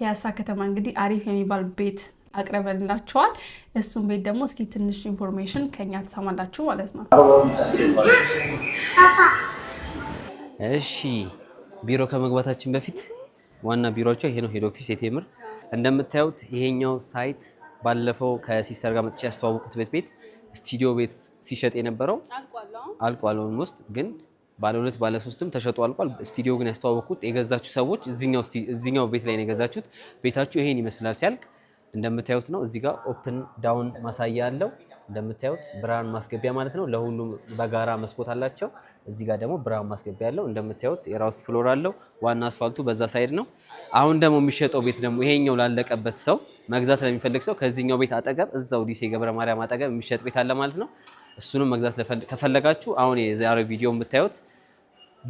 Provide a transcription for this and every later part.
ፒያሳ ከተማ እንግዲህ አሪፍ የሚባል ቤት አቅርበንላችኋል። እሱም ቤት ደግሞ እስኪ ትንሽ ኢንፎርሜሽን ከኛ ትሰማላችሁ ማለት ነው። እሺ ቢሮ ከመግባታችን በፊት ዋና ቢሮቸው ይሄ ነው፣ ሄድ ኦፊስ የቴምር እንደምታዩት። ይሄኛው ሳይት ባለፈው ከሲስተር ጋር መጥቼ ያስተዋወቁት ቤት ቤት ስቱዲዮ ቤት ሲሸጥ የነበረው አልቋል። ውስጥ ግን ባለ ሁለት ባለ ሶስትም ተሸጦ አልቋል። ስቱዲዮ ግን ያስተዋወቅኩት የገዛችሁ ሰዎች እዚኛው ቤት ላይ ነው የገዛችሁት። ቤታችሁ ይሄን ይመስላል ሲያልቅ እንደምታዩት ነው። እዚህ ጋር ኦፕን ዳውን ማሳያ አለው እንደምታዩት ብርሃን ማስገቢያ ማለት ነው። ለሁሉም በጋራ መስኮት አላቸው። እዚህ ጋር ደግሞ ብርሃን ማስገቢያ አለው እንደምታዩት የራሱ ፍሎር አለው። ዋና አስፋልቱ በዛ ሳይድ ነው። አሁን ደግሞ የሚሸጠው ቤት ደግሞ ይሄኛው ላለቀበት ሰው መግዛት ለሚፈልግ ሰው ከዚህኛው ቤት አጠገብ እዛው ዲሴ ገብረ ማርያም አጠገብ የሚሸጥ ቤት አለ ማለት ነው። እሱንም መግዛት ከፈለጋችሁ አሁን የዛሬ ቪዲዮ የምታዩት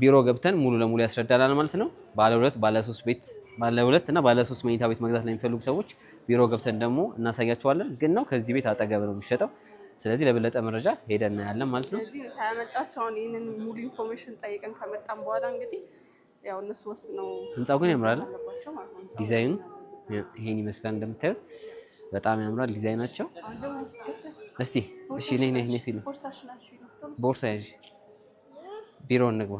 ቢሮ ገብተን ሙሉ ለሙሉ ያስረዳናል ማለት ነው። ባለ ሁለት ባለ ሶስት ቤት ባለ ሁለት እና ባለ ሶስት መኝታ ቤት መግዛት ለሚፈልጉ ሰዎች ቢሮ ገብተን ደግሞ እናሳያቸዋለን። ግን ነው ከዚህ ቤት አጠገብ ነው የሚሸጠው። ስለዚህ ለበለጠ መረጃ ሄደን እናያለን ማለት ነው። ከመጣቸውን ይህንን ሙሉ ኢንፎርሜሽን ጠይቀን ከመጣም በኋላ እንግዲህ ያው እነሱ ወስነው ህንፃው ግን ያምራል ዲዛይኑ ይሄን ይመስላል እንደምታዩት በጣም ያምራል ዲዛይናቸው። እስቲ እሺ፣ ነይ ነይ ነይ ፊልም ቦርሳ ያዥ፣ ቢሮ እንግባ።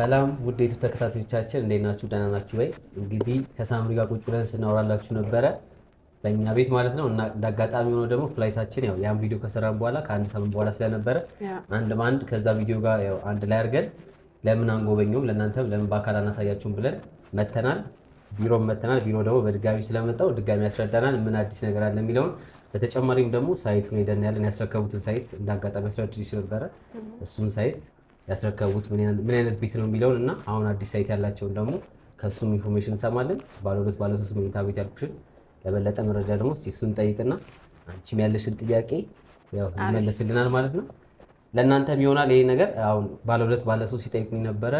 ሰላም ውዴቱ ተከታታዮቻችን እንዴት ናችሁ? ደህና ናችሁ ወይ? እንግዲህ ከሳምሪ ጋር ቁጭ ብለን ስናወራላችሁ ነበረ በእኛ ቤት ማለት ነው። እና እንዳጋጣሚ ሆኖ ደግሞ ፍላይታችን ያው ያን ቪዲዮ ከሰራን በኋላ ከአንድ ሳምንት በኋላ ስለነበረ አንድ በአንድ ከዛ ቪዲዮ ጋር ያው አንድ ላይ አድርገን ለምን አንጎበኘውም ለእናንተም ለምን በአካል አናሳያችሁም ብለን መተናል። ቢሮ መተናል። ቢሮ ደግሞ በድጋሚ ስለመጣው ድጋሚ ያስረዳናል ምን አዲስ ነገር አለ የሚለውን። በተጨማሪም ደግሞ ሳይቱን ሄደን ያለን ያስረከቡትን ሳይት እንዳጋጣሚ ያስረድሽ ነበረ። እሱን ሳይት ያስረከቡት ምን አይነት ቤት ነው የሚለውን እና አሁን አዲስ ሳይት ያላቸውን ደግሞ ከእሱም ኢንፎርሜሽን እንሰማለን። ባለሁለት ባለሶስት መኝታ ቤት ያልኩሽን ለበለጠ መረጃ ደግሞ እሱን ጠይቅና አንቺም ያለሽን ጥያቄ ያው ይመለስልናል ማለት ነው። ለእናንተም ይሆናል ይሄ ነገር። አሁን ባለ ሁለት ባለ ሶስት ሲጠይቁኝ ነበረ።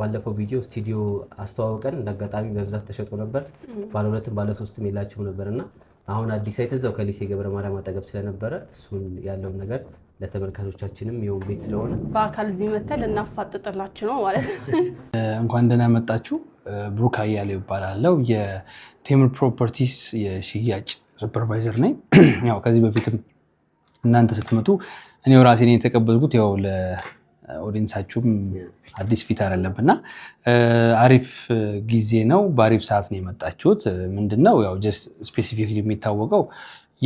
ባለፈው ቪዲዮ ስቱዲዮ አስተዋውቀን እንዳጋጣሚ በብዛት ተሸጦ ነበር። ባለ ሁለትም ባለ ሶስትም የላችሁም ነበር እና አሁን አዲስ ሳይት እዛው ከሊሴ ገብረ ማርያም አጠገብ ስለነበረ እሱን ያለውን ነገር ለተመልካቾቻችንም የሆን ቤት ስለሆነ በአካል እዚህ መተን ልናፋጥጥላችሁ ነው ማለት ነው። እንኳን ደህና መጣችሁ። ብሩክ አያሌው ይባላለው የቴምር ፕሮፐርቲስ የሽያጭ ሱፐርቫይዘር ነኝ። ያው ከዚህ በፊትም እናንተ ስትመጡ እኔው ራሴ ነው የተቀበልኩት። ያው ለኦዲንሳችሁም አዲስ ፊት አይደለም እና አሪፍ ጊዜ ነው። በአሪፍ ሰዓት ነው የመጣችሁት። ምንድነው ያው ጀስት ስፔሲፊክሊ የሚታወቀው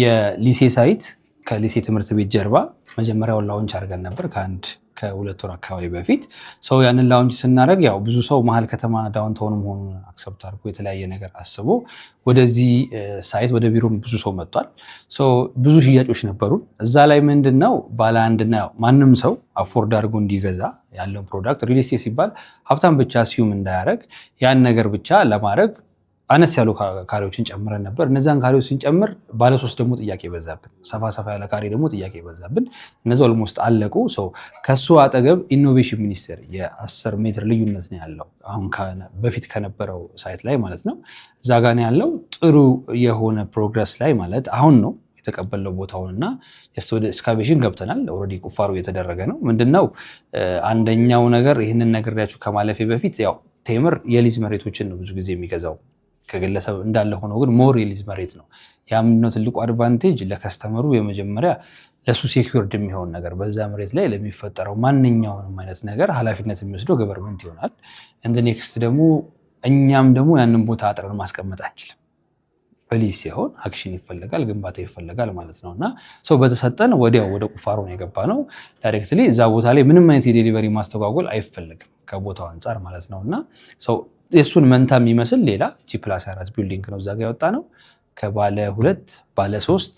የሊሴ ሳይት ከሊሴ ትምህርት ቤት ጀርባ መጀመሪያውን ላውንች አድርገን ነበር ከአንድ ከሁለት ወር አካባቢ በፊት ሰው ያንን ላውንጅ ስናደርግ ያው ብዙ ሰው መሀል ከተማ ዳውንታውን መሆኑን አክሰብት አድርጎ የተለያየ ነገር አስቦ ወደዚህ ሳይት ወደ ቢሮም ብዙ ሰው መጥቷል። ብዙ ሽያጮች ነበሩ። እዛ ላይ ምንድን ነው ባለ አንድና ማንም ሰው አፎርድ አድርጎ እንዲገዛ ያለውን ፕሮዳክት ሪል ስቴት ሲባል ሀብታም ብቻ ሲዩም እንዳያደረግ ያን ነገር ብቻ ለማድረግ አነስ ያሉ ካሬዎችን ጨምረን ነበር። እነዚያን ካሬዎች ስንጨምር ባለሶስት ደግሞ ጥያቄ በዛብን፣ ሰፋ ሰፋ ያለ ካሬ ደግሞ ጥያቄ በዛብን። እነዚ ኦልሞስት አለቁ። ከሱ አጠገብ ኢኖቬሽን ሚኒስቴር የአስር ሜትር ልዩነት ነው ያለው አሁን በፊት ከነበረው ሳይት ላይ ማለት ነው። እዛ ጋ ያለው። ጥሩ የሆነ ፕሮግረስ ላይ ማለት አሁን ነው የተቀበለው ቦታውን እና ወደ እስካቬሽን ገብተናል። ኦልሬዲ ቁፋሮ እየተደረገ ነው። ምንድነው አንደኛው ነገር ይህንን ያችሁ ከማለፌ በፊት ያው ቴምር የሊዝ መሬቶችን ነው ብዙ ጊዜ የሚገዛው ከግለሰብ እንዳለ ሆኖ ግን ሞር የሊዝ መሬት ነው። ያ ምንድነው ትልቁ አድቫንቴጅ ለከስተመሩ የመጀመሪያ ለሱ ሴኪርድ የሚሆን ነገር በዛ መሬት ላይ ለሚፈጠረው ማንኛውንም አይነት ነገር ኃላፊነት የሚወስደው ገቨርንመንት ይሆናል። እንደ ኔክስት ደግሞ እኛም ደግሞ ያንን ቦታ አጥረን ማስቀመጥ አንችልም። በሊዝ ሲሆን አክሽን ይፈልጋል፣ ግንባታ ይፈልጋል ማለት ነው እና ሰው በተሰጠን ወዲያው ወደ ቁፋሮ ነው የገባ ነው። ዳይሬክትሊ እዛ ቦታ ላይ ምንም አይነት የዴሊቨሪ ማስተጓጎል አይፈለግም ከቦታው አንጻር ማለት ነው እና የእሱን መንታ የሚመስል ሌላ ጂ ፕላስ አራት ቢልዲንግ ነው እዛ ጋ ያወጣ ነው። ከባለ ሁለት ባለ ሶስት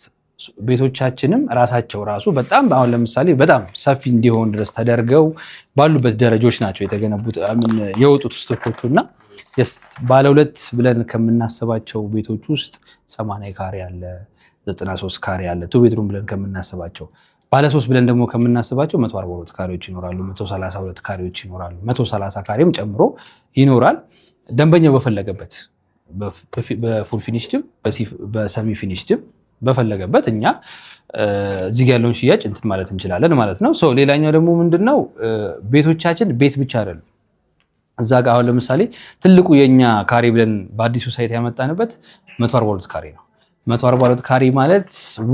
ቤቶቻችንም ራሳቸው ራሱ በጣም አሁን ለምሳሌ በጣም ሰፊ እንዲሆን ድረስ ተደርገው ባሉበት ደረጃዎች ናቸው የተገነቡት የወጡት ስቶኮቹ እና ባለ ሁለት ብለን ከምናስባቸው ቤቶች ውስጥ ሰማንያ ካሬ አለ፣ ዘጠና ሶስት ካሬ አለ። ቱ ቤትሩም ብለን ከምናስባቸው ባለ ሶስት ብለን ደግሞ ከምናስባቸው መቶ አርባ ሁለት ካሬዎች ይኖራሉ፣ መቶ ሰላሳ ሁለት ካሬዎች ይኖራሉ፣ መቶ ሰላሳ ካሬም ጨምሮ ይኖራል። ደንበኛው በፈለገበት በፉል ፊኒሽድም በሰሚ ፊኒሽድም በፈለገበት እኛ እዚህ ጋ ያለውን ሽያጭ እንትን ማለት እንችላለን ማለት ነው። ሌላኛው ደግሞ ምንድን ነው ቤቶቻችን ቤት ብቻ አይደሉም። እዛ ጋር አሁን ለምሳሌ ትልቁ የእኛ ካሬ ብለን በአዲሱ ሳይት ያመጣንበት መቶ አርባ ሁለት ካሬ ነው። መቶ አርባ ሁለት ካሬ ማለት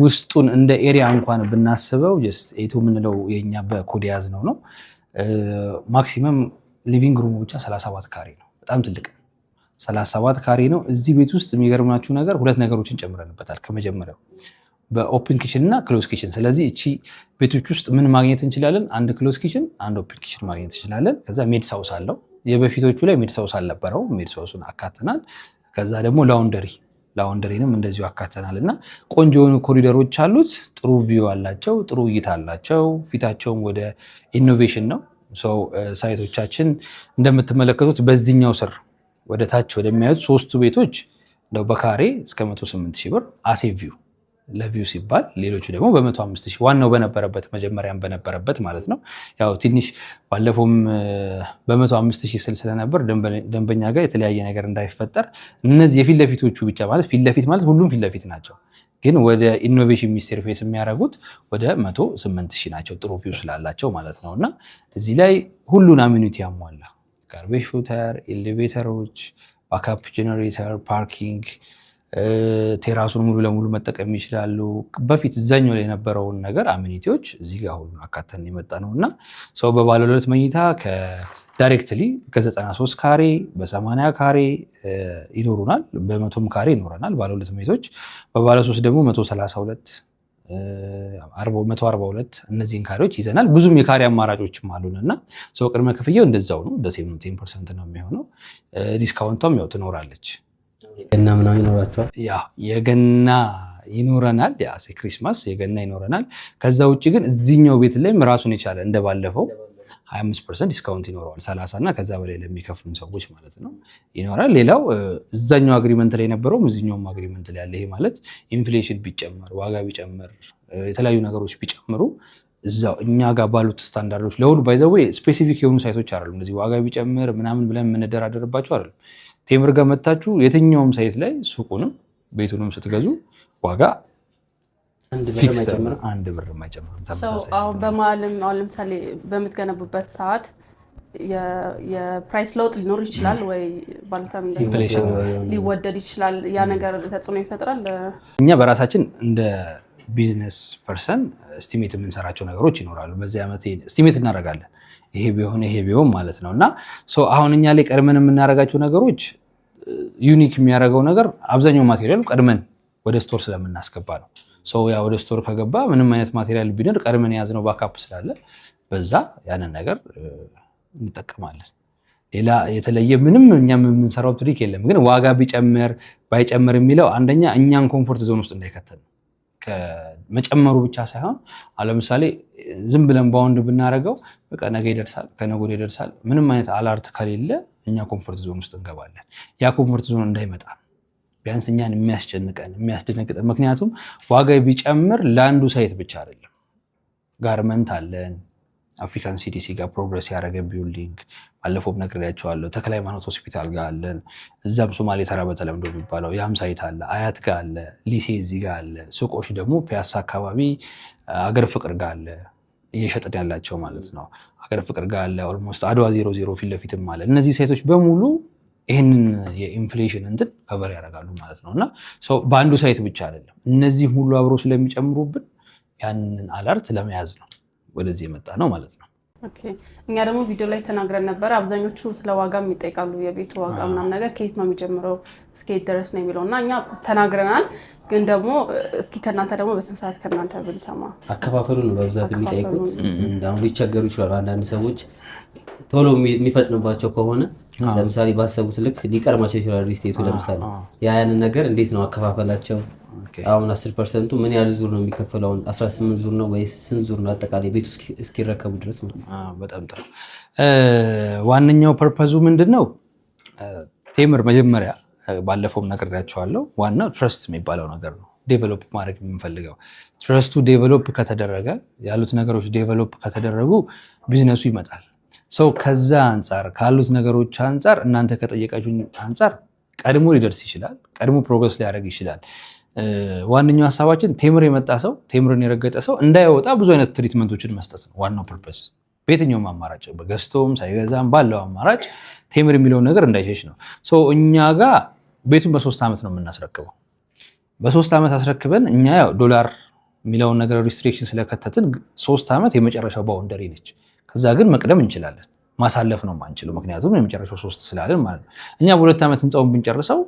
ውስጡን እንደ ኤሪያ እንኳን ብናስበው ጀስት ኤቱ የምንለው የኛ በኮድ የያዝነው ነው። ማክሲመም ሊቪንግ ሩሙ ብቻ ሰላሳ ሰባት ካሬ ነው። በጣም ትልቅ ሰላሳ ሰባት ካሬ ነው። እዚህ ቤት ውስጥ የሚገርማችሁ ነገር ሁለት ነገሮችን ጨምረንበታል። ከመጀመሪያው በኦፕን ኪችን እና ክሎዝ ኪችን። ስለዚህ እቺ ቤቶች ውስጥ ምን ማግኘት እንችላለን? አንድ ክሎዝ ኪችን፣ አንድ ኦፕን ኪችን ማግኘት እንችላለን። ከዛ ሜድ ሳውስ አለው። የበፊቶቹ ላይ ሜድ ሳውስ አልነበረው። ሜድ ሳውሱን አካተናል። ከዛ ደግሞ ላውንደሪ ላውንደሪንም እንደዚሁ አካተናል እና ቆንጆ የሆኑ ኮሪደሮች አሉት። ጥሩ ቪው አላቸው። ጥሩ እይታ አላቸው። ፊታቸውም ወደ ኢኖቬሽን ነው። ሰው uh, ሳይቶቻችን እንደምትመለከቱት በዚህኛው ስር ወደ ታች ወደሚያዩት ሶስቱ ቤቶች እንደው በካሬ እስከ 108 ሺህ ብር አሴቪው ለቪው ሲባል ሌሎቹ ደግሞ በ105 ሺህ ዋናው በነበረበት መጀመሪያም በነበረበት ማለት ነው። ያው ትንሽ ባለፈውም uh, በ105 ሺህ ስል ስለነበር ደንበኛ ጋር የተለያየ ነገር እንዳይፈጠር እነዚህ የፊት ለፊቶቹ ብቻ ማለት ፊት ለፊት ማለት ሁሉም ፊት ለፊት ናቸው ግን ወደ ኢኖቬሽን ሚኒስቴር ፌስ የሚያደርጉት ወደ መቶ ስምንት ሺህ ናቸው። ጥሩ ቪው ስላላቸው ማለት ነው። እና እዚህ ላይ ሁሉን አሚኒቲ ያሟላ ጋርቤጅ ሹተር፣ ኤሌቬተሮች፣ ባካፕ ጀነሬተር፣ ፓርኪንግ፣ ቴራሱን ሙሉ ለሙሉ መጠቀም ይችላሉ። በፊት እዛኛው ላይ የነበረውን ነገር አሚኒቲዎች እዚህ ጋር ሁሉን አካተን የመጣ ነው እና ሰው በባለ ሁለት መኝታ ዳይሬክትሊ ከ93 ካሬ በ80 ካሬ ይኖሩናል፣ በመቶም ካሬ ይኖረናል። ባለ ሁለት ቤቶች በባለ ሶስት ደግሞ 132 142 እነዚህን ካሬዎች ይዘናል። ብዙም የካሬ አማራጮችም አሉን እና ሰው ቅድመ ክፍያው እንደዛው ነው፣ ደሴም ቴን ፐርሰንት ነው የሚሆነው። ዲስካውንቷም ያው ትኖራለች። ገና ምናምን ይኖራቸዋል። ያ የገና ይኖረናል ያ ክሪስማስ የገና ይኖረናል። ከዛ ውጭ ግን እዚኛው ቤት ላይም ራሱን የቻለ እንደባለፈው 25 ፐርሰንት ዲስካውንት ይኖረዋል። 30 እና ከዛ በላይ ለሚከፍሉን ሰዎች ማለት ነው ይኖራል። ሌላው እዛኛው አግሪመንት ላይ የነበረውም እዚኛውም አግሪመንት ላይ ያለ ይሄ ማለት ኢንፍሌሽን ቢጨመር፣ ዋጋ ቢጨምር፣ የተለያዩ ነገሮች ቢጨምሩ እዛው እኛ ጋር ባሉት ስታንዳርዶች ለሁሉ ባይዘወ ስፔሲፊክ የሆኑ ሳይቶች አሉ። እነዚህ ዋጋ ቢጨምር ምናምን ብለን የምንደራደርባቸው አይደሉም። ቴምር ጋር መታችሁ የትኛውም ሳይት ላይ ሱቁንም ቤቱንም ስትገዙ ዋጋ አንድ ብር አይጨምርም። አሁን በመሀልም አሁን ለምሳሌ በምትገነቡበት ሰዓት የፕራይስ ለውጥ ሊኖር ይችላል ወይ ባልታም ሊወደድ ይችላል። ያ ነገር ተጽዕኖ ይፈጥራል። እኛ በራሳችን እንደ ቢዝነስ ፐርሰን ስቲሜት የምንሰራቸው ነገሮች ይኖራሉ። በዚህ ዓመት ስቲሜት እናደርጋለን። ይሄ ቢሆን ይሄ ቢሆን ማለት ነው እና አሁን እኛ ላይ ቀድመን የምናደርጋቸው ነገሮች ዩኒክ የሚያደርገው ነገር አብዛኛው ማቴሪያል ቀድመን ወደ ስቶር ስለምናስገባ ነው። ሰው ያ ወደ ስቶር ከገባ ምንም አይነት ማቴሪያል ቢኖር ቀድመን የያዝነው ባካፕ ስላለ በዛ ያንን ነገር እንጠቀማለን። ሌላ የተለየ ምንም እኛም የምንሰራው ትሪክ የለም። ግን ዋጋ ቢጨምር ባይጨምር የሚለው አንደኛ እኛን ኮምፎርት ዞን ውስጥ እንዳይከተል መጨመሩ ብቻ ሳይሆን አለምሳሌ ዝም ብለን በወንድ ብናደርገው በቃ ነገ ይደርሳል ከነገ ወዲያ ይደርሳል ምንም አይነት አላርት ከሌለ እኛ ኮንፎርት ዞን ውስጥ እንገባለን። ያ ኮምፎርት ዞን እንዳይመጣ ቢያንስ እኛን የሚያስጨንቀን የሚያስደነግጠን፣ ምክንያቱም ዋጋ ቢጨምር ለአንዱ ሳይት ብቻ አይደለም። ጋርመንት አለን አፍሪካን ሲዲሲ ጋር ፕሮግረስ ያደረገ ቢውልዲንግ ባለፈውም ነግሬያቸዋለሁ። ተክለ ሃይማኖት ሆስፒታል ጋር አለን። እዛም ሶማሌ ተራ በተለምዶ የሚባለው ያም ሳይት አለ። አያት ጋር አለ። ሊሴ እዚህ ጋር አለ። ሱቆች ደግሞ ፒያሳ አካባቢ አገር ፍቅር ጋር አለ፣ እየሸጥን ያላቸው ማለት ነው። አገር ፍቅር ጋር አለ። ኦልሞስት አድዋ ዜሮ ዜሮ ፊት ለፊትም አለ። እነዚህ ሳይቶች በሙሉ ይህንን የኢንፍሌሽን እንትን ከበር ያደርጋሉ ማለት ነው። እና በአንዱ ሳይት ብቻ አይደለም፣ እነዚህም ሁሉ አብሮ ስለሚጨምሩብን ያንን አላርት ለመያዝ ነው ወደዚህ የመጣ ነው ማለት ነው። እኛ ደግሞ ቪዲዮ ላይ ተናግረን ነበረ። አብዛኞቹ ስለ ዋጋም ይጠይቃሉ። የቤቱ ዋጋ ምናምን ነገር ከየት ነው የሚጀምረው እስከየት ድረስ ነው የሚለው እና እኛ ተናግረናል። ግን ደግሞ እስኪ ከእናንተ ደግሞ በስንት ሰዓት ከእናንተ ብንሰማ አከፋፈሉ ነው በብዛት የሚጠይቁት። ሊቸገሩ ይችላሉ አንዳንድ ሰዎች ቶሎ የሚፈጥንባቸው ከሆነ ለምሳሌ ባሰቡት ልክ ሊቀርማቸው ይችላል። ስቴቱ ለምሳሌ ያንን ነገር እንዴት ነው አከፋፈላቸው? አሁን አስር ፐርሰንቱ ምን ያህል ዙር ነው የሚከፈለው? አሁን አስራ ስምንት ዙር ነው ወይ ስንት ዙር ነው? አጠቃላይ ቤቱ እስኪረከቡ ድረስ ነው። በጣም ጥሩ። ዋነኛው ፐርፐዙ ምንድን ነው? ቴምር መጀመሪያ ባለፈውም ነግሬያቸዋለሁ። ዋናው ትረስት የሚባለው ነገር ነው ዴቨሎፕ ማድረግ የምንፈልገው ትረስቱ ዴቨሎፕ ከተደረገ ያሉት ነገሮች ዴቨሎፕ ከተደረጉ ቢዝነሱ ይመጣል። ሰው ከዛ አንጻር ካሉት ነገሮች አንጻር እናንተ ከጠየቃችሁኝ አንጻር ቀድሞ ሊደርስ ይችላል፣ ቀድሞ ፕሮግረስ ሊያደርግ ይችላል። ዋነኛው ሀሳባችን ቴምር የመጣ ሰው ቴምርን የረገጠ ሰው እንዳይወጣ ብዙ አይነት ትሪትመንቶችን መስጠት ነው ዋናው ፐርፐስ። በየትኛውም አማራጭ በገዝቶም ሳይገዛም ባለው አማራጭ ቴምር የሚለውን ነገር እንዳይሸሽ ነው። እኛ ጋር ቤቱን በሶስት ዓመት ነው የምናስረክበው። በሶስት ዓመት አስረክበን እኛ ያው ዶላር የሚለውን ነገር ሪስትሪክሽን ስለከተትን ሶስት ዓመት የመጨረሻው ባውንደሪ ነች። እዛ ግን መቅደም እንችላለን። ማሳለፍ ነው ማንችለው፣ ምክንያቱም የመጨረሻው ሶስት ስላለን ማለት ነው። እኛ በሁለት ዓመት ህንፃውን ብንጨርሰው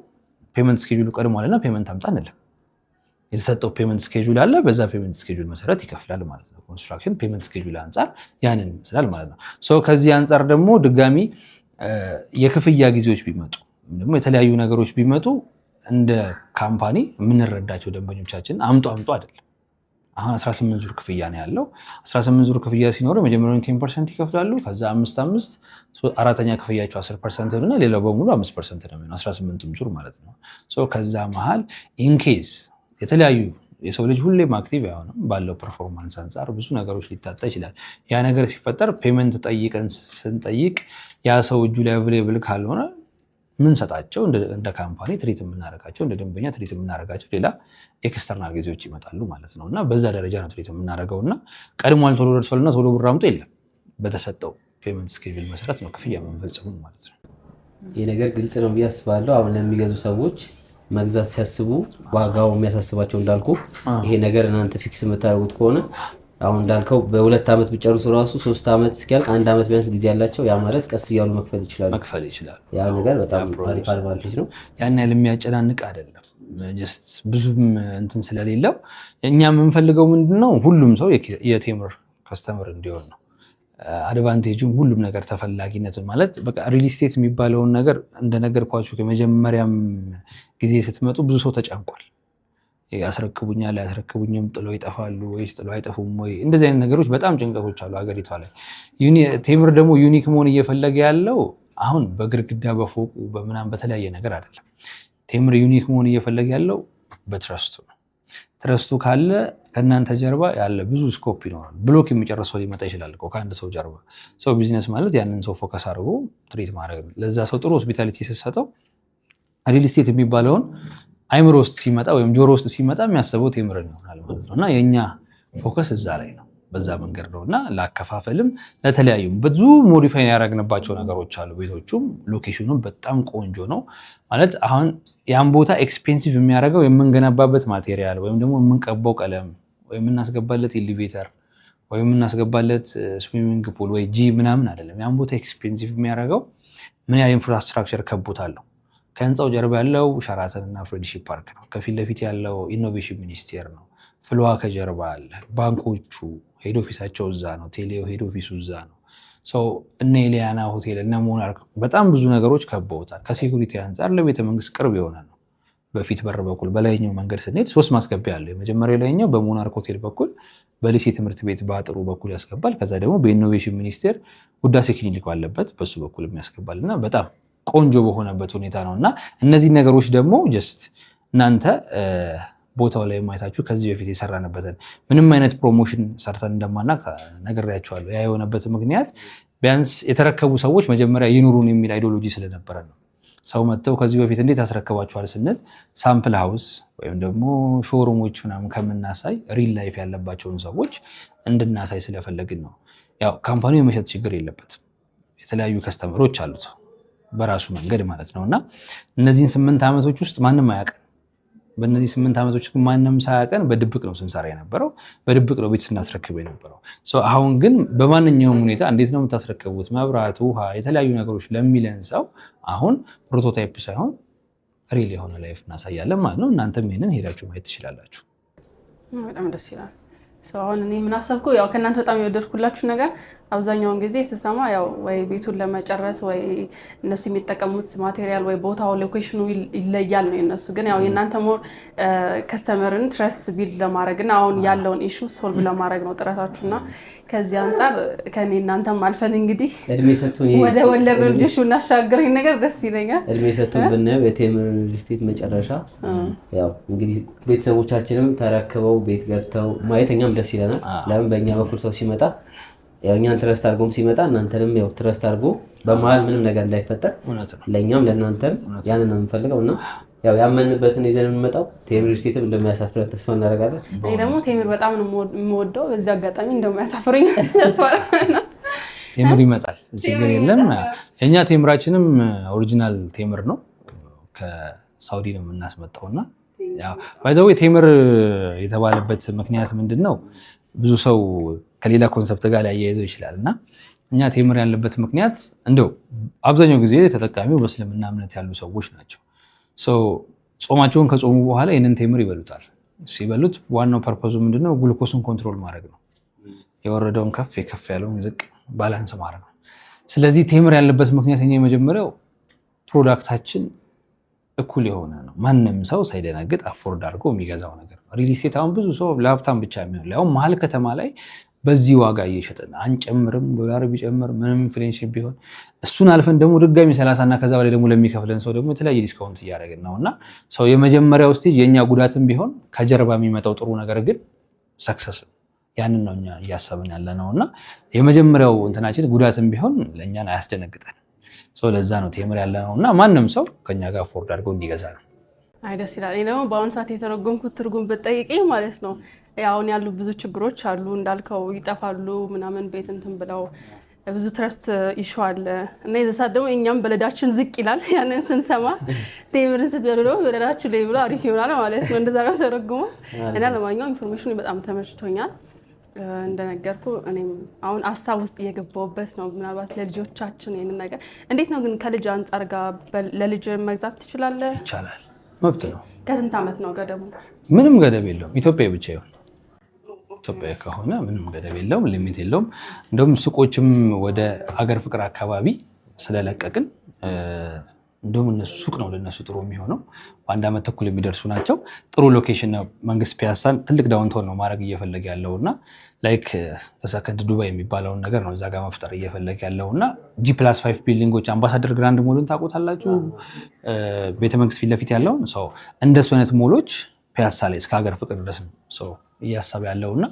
ፔመንት ስኬጁሉ ቀድሟልና ፔመንት አምጣ አንልም። የተሰጠው ፔመንት ስኬጁል አለ። በዛ ፔመንት ስኬጁል መሰረት ይከፍላል ማለት ነው። ኮንስትራክሽን ፔመንት ስኬጁል አንጻር ያንን ይመስላል ማለት ነው። ሶ ከዚህ አንጻር ደግሞ ድጋሚ የክፍያ ጊዜዎች ቢመጡ ደግሞ የተለያዩ ነገሮች ቢመጡ እንደ ካምፓኒ የምንረዳቸው ደንበኞቻችን አምጦ አምጦ አይደለም አሁን 18 ዙር ክፍያ ነው ያለው። 18 ዙር ክፍያ ሲኖረው መጀመሪያውን ቴን ፐርሰንት ይከፍላሉ። ከዛ አምስት አምስት አራተኛ ክፍያቸው 10 ፐርሰንት እና ሌላው በሙሉ አምስት ፐርሰንት ነው የሚሆነው 18 ዙር ማለት ነው። ከዛ መሀል ኢንኬዝ የተለያዩ የሰው ልጅ ሁሌም አክቲቭ አይሆንም። ባለው ፐርፎርማንስ አንጻር ብዙ ነገሮች ሊታጣ ይችላል። ያ ነገር ሲፈጠር ፔመንት ጠይቀን ስንጠይቅ ያ ሰው እጁ ላይ አቬሌብል ካልሆነ ምንሰጣቸው እንደ ካምፓኒ ትሪት የምናደርጋቸው እንደ ደንበኛ ትሪት የምናደርጋቸው ሌላ ኤክስተርናል ጊዜዎች ይመጣሉ ማለት ነው። እና በዛ ደረጃ ነው ትሪት የምናደርገው እና ቀድሟል ቶሎ ደርሷልና ቶሎ ብር የለም። በተሰጠው ፔመንት ስኬጁል መሰረት ነው ክፍያ የምንፈጽሙ ማለት ነው። ይህ ነገር ግልጽ ነው ብዬ አስባለሁ። አሁን ለሚገዙ ሰዎች መግዛት ሲያስቡ ዋጋው የሚያሳስባቸው እንዳልኩ ይሄ ነገር እናንተ ፊክስ የምታደርጉት ከሆነ አሁን እንዳልከው በሁለት ዓመት ቢጨርሱ ራሱ ሶስት ዓመት እስኪያልቅ አንድ ዓመት ቢያንስ ጊዜ ያላቸው ያ ማለት ቀስ እያሉ መክፈል ይችላሉ መክፈል ይችላሉ። ያ ነገር በጣም ታሪክ አድቫንቴጅ ነው። ያን ያህል የሚያጨናንቅ አይደለም። ጀስት ብዙም እንትን ስለሌለው እኛ የምንፈልገው ምንድነው ሁሉም ሰው የቴምር ከስተምር እንዲሆን ነው። አድቫንቴጁም ሁሉም ነገር ተፈላጊነቱ ማለት በቃ ሪል ስቴት የሚባለውን ነገር እንደነገርኳችሁ ከመጀመሪያም ጊዜ ስትመጡ ብዙ ሰው ተጫንቋል። ያስረክቡኛል አያስረክቡኝም፣ ጥሎ ይጠፋሉ ወይስ ጥሎ አይጠፉም ወይ? እንደዚህ አይነት ነገሮች በጣም ጭንቀቶች አሉ ሀገሪቷ ላይ። ቴምር ደግሞ ዩኒክ መሆን እየፈለገ ያለው አሁን በግርግዳ በፎቁ በምናም በተለያየ ነገር አይደለም። ቴምር ዩኒክ መሆን እየፈለገ ያለው በትረስቱ ነው። ትረስቱ ካለ ከእናንተ ጀርባ ያለ ብዙ ስኮፕ ይኖራል። ብሎክ የሚጨርሰው ሰው ሊመጣ ይችላል ከአንድ ሰው ጀርባ። ሰው ቢዝነስ ማለት ያንን ሰው ፎከስ አድርጎ ትሪት ማድረግ ነው። ለዛ ሰው ጥሩ ሆስፒታሊቲ ስትሰጠው ሪል ስቴት የሚባለውን አይምሮ ውስጥ ሲመጣ ወይም ጆሮ ውስጥ ሲመጣ የሚያስበው ቴምርን ይሆናል ማለት ነው እና የእኛ ፎከስ እዛ ላይ ነው። በዛ መንገድ ነው እና ለአከፋፈልም ለተለያዩም ብዙ ሞዲፋይ ያደረግንባቸው ነገሮች አሉ። ቤቶቹም ሎኬሽኑም በጣም ቆንጆ ነው ማለት አሁን ያን ቦታ ኤክስፔንሲቭ የሚያደርገው የምንገነባበት ማቴሪያል ወይም ደግሞ የምንቀባው ቀለም ወይም የምናስገባለት ኤሊቬተር ወይም የምናስገባለት ስዊሚንግ ፑል ወይ ጂ ምናምን አይደለም። ያን ቦታ ኤክስፔንሲቭ የሚያደርገው ምን ያ ኢንፍራስትራክቸር አለው ከህንፃው ጀርባ ያለው ሸራተንና እና ፓርክ ነው። ከፊት ለፊት ያለው ኢኖቬሽን ሚኒስቴር ነው። ፍልዋ ከጀርባ አለ። ባንኮቹ ሄድ ኦፊሳቸው እዛ ነው። ቴሌው ሄድ ኦፊሱ እዛ ነው። ሰው እነ ኤልያና ሆቴል እነ ሞናርክ በጣም ብዙ ነገሮች ከበውታል። ከሴኩሪቲ አንጻር ለቤተ መንግስት ቅርብ የሆነ ነው። በፊት በር በኩል በላይኛው መንገድ ስንሄድ ሶስት ማስገቢያ አለው። የመጀመሪያው ላይኛው በሞናርክ ሆቴል በኩል በሊሴ ትምህርት ቤት በአጥሩ በኩል ያስገባል። ከዛ ደግሞ በኢኖቬሽን ሚኒስቴር ውዳሴ ክሊኒክ ባለበት በሱ በኩል የሚያስገባል እና በጣም ቆንጆ በሆነበት ሁኔታ ነው እና እነዚህ ነገሮች ደግሞ ጀስት እናንተ ቦታው ላይ ማየታችሁ ከዚህ በፊት የሰራንበትን ምንም አይነት ፕሮሞሽን ሰርተን እንደማናቅ ነግሬያቸዋለሁ። ያ የሆነበት ምክንያት ቢያንስ የተረከቡ ሰዎች መጀመሪያ ይኑሩን የሚል አይዲዮሎጂ ስለነበረ ነው። ሰው መጥተው ከዚህ በፊት እንዴት ያስረከባችኋል ስንል ሳምፕል ሃውስ ወይም ደግሞ ሾሩሞች ምናምን ከምናሳይ ሪል ላይፍ ያለባቸውን ሰዎች እንድናሳይ ስለፈለግን ነው። ያው ካምፓኒው የመሸጥ ችግር የለበትም። የተለያዩ ከስተመሮች አሉት። በራሱ መንገድ ማለት ነው እና እነዚህን ስምንት ዓመቶች ውስጥ ማንም አያውቅም። በእነዚህ ስምንት ዓመቶች ማንም ሳያውቀን በድብቅ ነው ስንሰራ የነበረው፣ በድብቅ ነው ቤት ስናስረክብ የነበረው። አሁን ግን በማንኛውም ሁኔታ እንዴት ነው የምታስረክቡት? መብራት፣ ውሃ፣ የተለያዩ ነገሮች ለሚለን ሰው አሁን ፕሮቶታይፕ ሳይሆን ሪል የሆነ ላይፍ እናሳያለን ማለት ነው። እናንተም ይሄንን ሄዳችሁ ማየት ትችላላችሁ። በጣም ደስ ይላል። አሁን እኔ ምን አሰብኩ ያው ከእናንተ በጣም የወደድኩላችሁ ነገር አብዛኛውን ጊዜ ስሰማ ያው ወይ ቤቱን ለመጨረስ ወይ እነሱ የሚጠቀሙት ማቴሪያል ወይ ቦታው ሎኬሽኑ ይለያል ነው የነሱ። ግን ያው የእናንተ ሞር ከስተመርን ትረስት ቢልድ ለማድረግ እና አሁን ያለውን ኢሹ ሶልቭ ለማድረግ ነው ጥረታችሁ እና ከዚህ አንጻር ከኔ እናንተም አልፈን እንግዲህ ወደ ወለድ ልጆች እናሻገረኝ ነገር ደስ ይለኛል። እድሜ ሰጡን ብናየው የቴምር ሪልስቴት መጨረሻ ያው እንግዲህ ቤተሰቦቻችንም ተረክበው ቤት ገብተው ማየት እኛም ደስ ይለናል። ለምን በእኛ በኩል ሰው ሲመጣ ያው እኛን ትረስት አድርጎም ሲመጣ እናንተንም ያው ትረስት አድርጎ በመሀል ምንም ነገር እንዳይፈጠር ለእኛም ለእናንተም ያን ነው የምንፈልገው እና ያው ያመንበትን ይዘን የምንመጣው ቴምር ስቴትም እንደሚያሳፍረን ተስፋ እናደርጋለን። እኔ ደግሞ ቴምር በጣም ነው የምወደው። በዚህ አጋጣሚ እንደሚያሳፍረኝ ተስፋ ቴምር ይመጣል፣ ችግር የለም። የእኛ ቴምራችንም ኦሪጂናል ቴምር ነው፣ ከሳውዲ ነው የምናስመጣው እና ቴምር የተባለበት ምክንያት ምንድን ነው? ብዙ ሰው ከሌላ ኮንሰፕት ጋር ሊያያይዘው ይችላል እና እኛ ቴምር ያለበት ምክንያት እንደው አብዛኛው ጊዜ ተጠቃሚው በእስልምና እምነት ያሉ ሰዎች ናቸው። ጾማቸውን ከጾሙ በኋላ ይህንን ቴምር ይበሉታል። ሲበሉት ዋናው ፐርፖዙ ምንድነው? ግሉኮስን ኮንትሮል ማድረግ ነው። የወረደውን ከፍ የከፍ ያለውን ዝቅ ባላንስ ማድረግ ነው። ስለዚህ ቴምር ያለበት ምክንያት እኛ የመጀመሪያው ፕሮዳክታችን እኩል የሆነ ነው። ማንም ሰው ሳይደነግጥ አፎርድ አድርጎ የሚገዛው ነገር ሪል አሁን ብዙ ሰው ለሀብታም ብቻ የሚሆን አሁን መሀል ከተማ ላይ በዚህ ዋጋ እየሸጥን አንጨምርም። ዶላር ቢጨምር ምንም ኢንፍሌሽን ቢሆን እሱን አልፈን ደግሞ ድጋሚ ሰላሳ እና ከዛ በላይ ደግሞ ለሚከፍለን ሰው ደግሞ የተለያየ ዲስካውንት እያደረግን ነው እና ሰው የመጀመሪያው ስቴጅ የእኛ ጉዳትም ቢሆን ከጀርባ የሚመጣው ጥሩ ነገር ግን ሰክሰስ ያንን ነው እኛ እያሰብን ያለ ነው እና የመጀመሪያው እንትናችን ጉዳትም ቢሆን ለእኛን አያስደነግጠን ሰው ለዛ ነው ቴምር ያለ ነው እና ማንም ሰው ከኛ ጋር ፎርድ አድርገው እንዲገዛ ነው። አይ ደስ ይላል። እኔ ደግሞ በአሁኑ ሰዓት የተረጎምኩት ትርጉም ብትጠይቂኝ ማለት ነው አሁን ያሉ ብዙ ችግሮች አሉ እንዳልከው ይጠፋሉ ምናምን ቤት እንትን ብለው ብዙ ትረስት ኢሹ አለ እና የዛ ሰዓት ደግሞ እኛም በለዳችን ዝቅ ይላል። ያንን ስንሰማ ቴምርን ስትበሉ ደግሞ ላይ ብሎ አሪፍ ይሆናል ማለት ነው። እንደዛ ነው ተረጉሞ እና ለማንኛውም ኢንፎርሜሽኑ በጣም ተመችቶኛል። እንደነገርኩ እኔም አሁን ሀሳብ ውስጥ እየገባሁበት ነው። ምናልባት ለልጆቻችን ይህንን ነገር እንዴት ነው ግን ከልጅ አንጻር ጋር ለልጅ መግዛት ትችላለህ? ይቻላል መብት ነው። ከስንት ዓመት ነው ገደቡ? ምንም ገደብ የለውም። ኢትዮጵያ ብቻ ይሆን ኢትዮጵያ ከሆነ ምንም ገደብ የለውም፣ ሊሚት የለውም። እንደውም ሱቆችም ወደ አገር ፍቅር አካባቢ ስለለቀቅን እንዲሁም እነሱ ሱቅ ነው ለነሱ ጥሩ የሚሆነው። በአንድ ዓመት ተኩል የሚደርሱ ናቸው። ጥሩ ሎኬሽን ነው። መንግስት ፒያሳን ትልቅ ዳውንቶን ነው ማድረግ እየፈለገ ያለው እና ላይክ ተሰከንድ ዱባይ የሚባለውን ነገር ነው እዛ ጋር መፍጠር እየፈለገ ያለው እና ጂ ፕላስ ፋይቭ ቢልዲንጎች አምባሳደር ግራንድ ሞልን ታውቁታላችሁ? ቤተመንግስት ፊት ለፊት ያለውን ሰው እንደሱ አይነት ሞሎች ፒያሳ ላይ እስከ ሀገር ፍቅር ድረስ ነው ሰው እያሳብ ያለው እና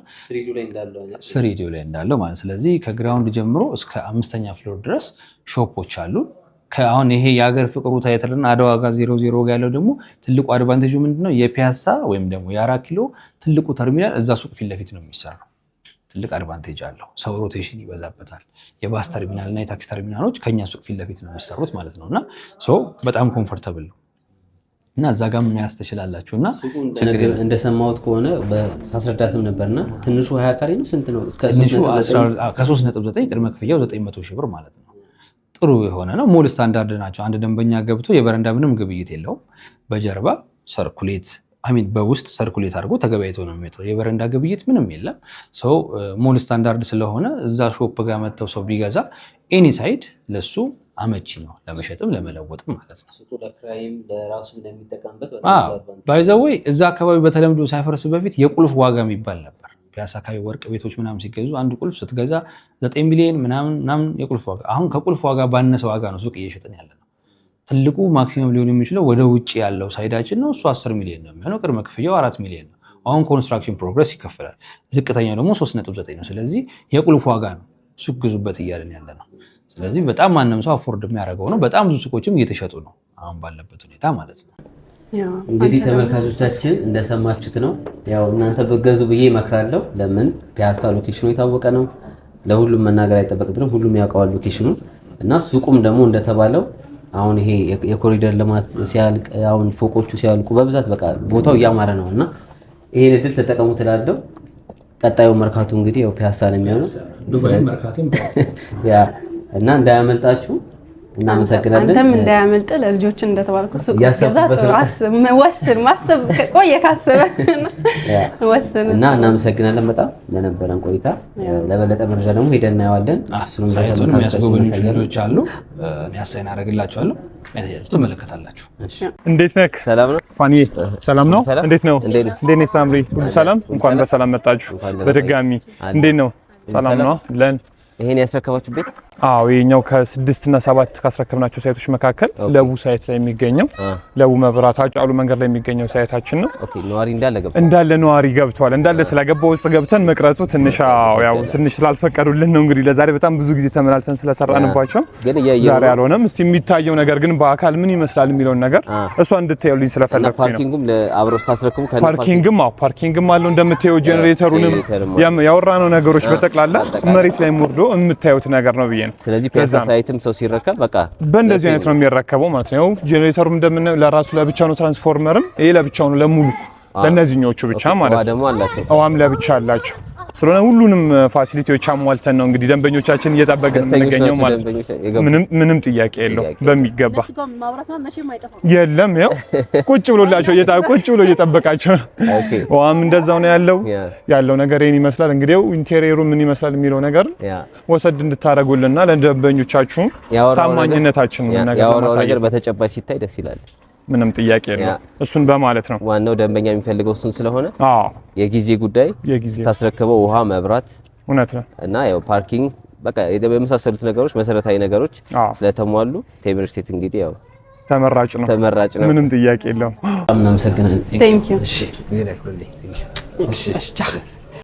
ስሪዲ ላይ እንዳለው ማለት ስለዚህ ከግራውንድ ጀምሮ እስከ አምስተኛ ፍሎር ድረስ ሾፖች አሉ። አሁን ይሄ የሀገር ፍቅሩ ታይትልና አድዋ ጋር ዜሮ ዜሮ ጋር ያለው ደግሞ ትልቁ አድቫንቴጁ ምንድነው? የፒያሳ ወይም ደግሞ የአራት ኪሎ ትልቁ ተርሚናል እዛ ሱቅ ፊት ለፊት ነው የሚሰራው። ትልቅ አድቫንቴጅ አለው። ሰው ሮቴሽን ይበዛበታል። የባስ ተርሚናል እና የታክሲ ተርሚናሎች ከኛ ሱቅ ፊት ለፊት ነው የሚሰሩት ማለት ነው እና በጣም ኮምፎርተብል ነው እና እዛ ጋር መያዝ ትችላላችሁ። እና እንደሰማሁት ከሆነ በአስረዳትም ነበርና ትንሹ ሀያ ካሬ ነው ስንት ነው? ከሶስት ነጥብ ዘጠኝ ቅድመ ክፍያው ዘጠኝ መቶ ሺህ ብር ማለት ነው ጥሩ የሆነ ነው። ሞል ስታንዳርድ ናቸው። አንድ ደንበኛ ገብቶ የበረንዳ ምንም ግብይት የለውም። በጀርባ ሰርኩሌት አሚን በውስጥ ሰርኩሌት አድርጎ ተገበያይቶ ነው የሚመጣው። የበረንዳ ግብይት ምንም የለም። ሰው ሞል ስታንዳርድ ስለሆነ እዛ ሾፕ ጋር መጥተው ሰው ቢገዛ ኤኒ ሳይድ ለሱ አመቺ ነው ለመሸጥም ለመለወጥም ማለት ነው። ባይዘወይ እዛ አካባቢ በተለምዶ ሳይፈርስ በፊት የቁልፍ ዋጋ የሚባል ነበር። ፒያሳ አካባቢ ወርቅ ቤቶች ምናምን ሲገዙ አንድ ቁልፍ ስትገዛ ዘጠኝ ሚሊዮን ምናምን ምናምን የቁልፍ ዋጋ አሁን ከቁልፍ ዋጋ ባነሰ ዋጋ ነው ሱቅ እየሸጥን ያለ ነው። ትልቁ ማክሲመም ሊሆን የሚችለው ወደ ውጭ ያለው ሳይዳችን ነው። እሱ አስር ሚሊዮን ነው የሚሆነው። ቅድመ ክፍያው አራት ሚሊዮን ነው። አሁን ኮንስትራክሽን ፕሮግረስ ይከፈላል። ዝቅተኛው ደግሞ ሶስት ነጥብ ዘጠኝ ነው። ስለዚህ የቁልፍ ዋጋ ነው ሱቅ ግዙበት እያለን ያለ ነው። ስለዚህ በጣም ማንም ሰው አፎርድ የሚያደርገው ነው። በጣም ብዙ ሱቆችም እየተሸጡ ነው አሁን ባለበት ሁኔታ ማለት ነው። እንግዲህ ተመልካቾቻችን እንደሰማችሁት ነው። ያው እናንተ በገዙ ብዬ እመክራለሁ። ለምን ፒያሳ ሎኬሽኑ የታወቀ ነው። ለሁሉም መናገር አይጠበቅብንም። ሁሉም ያውቀዋል ሎኬሽኑ እና ሱቁም ደግሞ እንደተባለው አሁን ይሄ የኮሪደር ልማት ሲያልቅ አሁን ፎቆቹ ሲያልቁ በብዛት በቃ ቦታው እያማረ ነው እና ይሄን እድል ተጠቀሙ ትላለው። ቀጣዩ መርካቱ እንግዲህ ያው ፒያሳ ነው የሚሆነው እና እንዳያመልጣችሁ እናመሰግናለን። አንተም እንዳያመልጥ ለልጆች እንደተባልኩ ሱቅ ገዛ ወስን ማሰብ ቆየ ካሰበ ወስን እና እናመሰግናለን በጣም ለነበረን ቆይታ። ለበለጠ መረጃ ደግሞ ሄደን እናየዋለን። ሳይቱን የሚያስጎበኙ ልጆች አሉ። ያሳይን አደርግላችኋለሁ። ትመለከታላችሁ። እንዴት ነህ? ሰላም ነው ፋኒ፣ ሰላም ነው። እንዴት ነው? እንዴት ነህ ሳምሪ? ሁሉ ሰላም? እንኳን በሰላም መጣችሁ በድጋሚ። እንዴት ነው? ሰላም ነው ለን ይሄን ያስረከባችሁ ቤት አዎ ይኛው ከስድስት እና ሰባት ካስረከብናቸው ሳይቶች መካከል ለቡ ሳይት ላይ የሚገኘው ለቡ መብራት አጫሉ መንገድ ላይ የሚገኘው ሳይታችን ነው። ነዋሪ እንዳለ ገብቷል፣ እንዳለ ነዋሪ ገብቷል። እንዳለ ስለገባ ውስጥ ገብተን መቅረጹ ትንሽ ያው ትንሽ ስላልፈቀዱልን ነው። እንግዲህ ለዛሬ በጣም ብዙ ጊዜ ተመላልሰን ስለሰራንባቸው ዛሬ አልሆነም። እስቲ የሚታየው ነገር ግን በአካል ምን ይመስላል የሚለውን ነገር እሷ እንድታዩልኝ ስለፈለኩኝ ነው። ፓርኪንግም አዎ ፓርኪንግም አለው እንደምታየው ጄኔሬተሩንም ያወራነው ነገሮች በጠቅላላ መሬት ላይ ወርዶ የምታዩት ነገር ነው ብዬ ነው። ስለዚህ ፒያሳ ሳይትም ሰው ሲረከብ በቃ በእንደዚህ አይነት ነው የሚረከበው ማለት ነው። ጄኔሬተሩም እንደምናየው ለራሱ ለብቻ ነው፣ ትራንስፎርመርም ይሄ ለብቻው ነው፣ ለሙሉ ለእነዚህኞቹ ብቻ ማለት ነው። ውሃም ለብቻ አላቸው። ስለሆነ ሁሉንም ፋሲሊቲዎች አሟልተን ነው እንግዲህ ደንበኞቻችን እየጠበቅን የምንገኘው ማለት ነው። ምንም ጥያቄ የለው በሚገባ የለም። ያው ቁጭ ብሎላቸው ቁጭ ብሎ እየጠበቃቸው ነው። ዋም እንደዛው ነው ያለው ያለው ነገር ይህን ይመስላል። እንግዲህ ኢንቴሪየሩ ምን ይመስላል የሚለው ነገር ወሰድ እንድታደርጉልና ለደንበኞቻችሁ ታማኝነታችን ነገር በተጨባጭ ሲታይ ደስ ይላል። ምንም ጥያቄ የለውም። እሱን በማለት ነው ዋናው ደንበኛ የሚፈልገው እሱን ስለሆነ የጊዜ ጉዳይ ታስረክበው፣ ውሃ፣ መብራት እውነት ነው እና ያው ፓርኪንግ በቃ የመሳሰሉት ነገሮች መሰረታዊ ነገሮች ስለተሟሉ ቴምር ስቴት እንግዲህ ያው ተመራጭ ነው ተመራጭ ነው። ምንም ጥያቄ የለውም።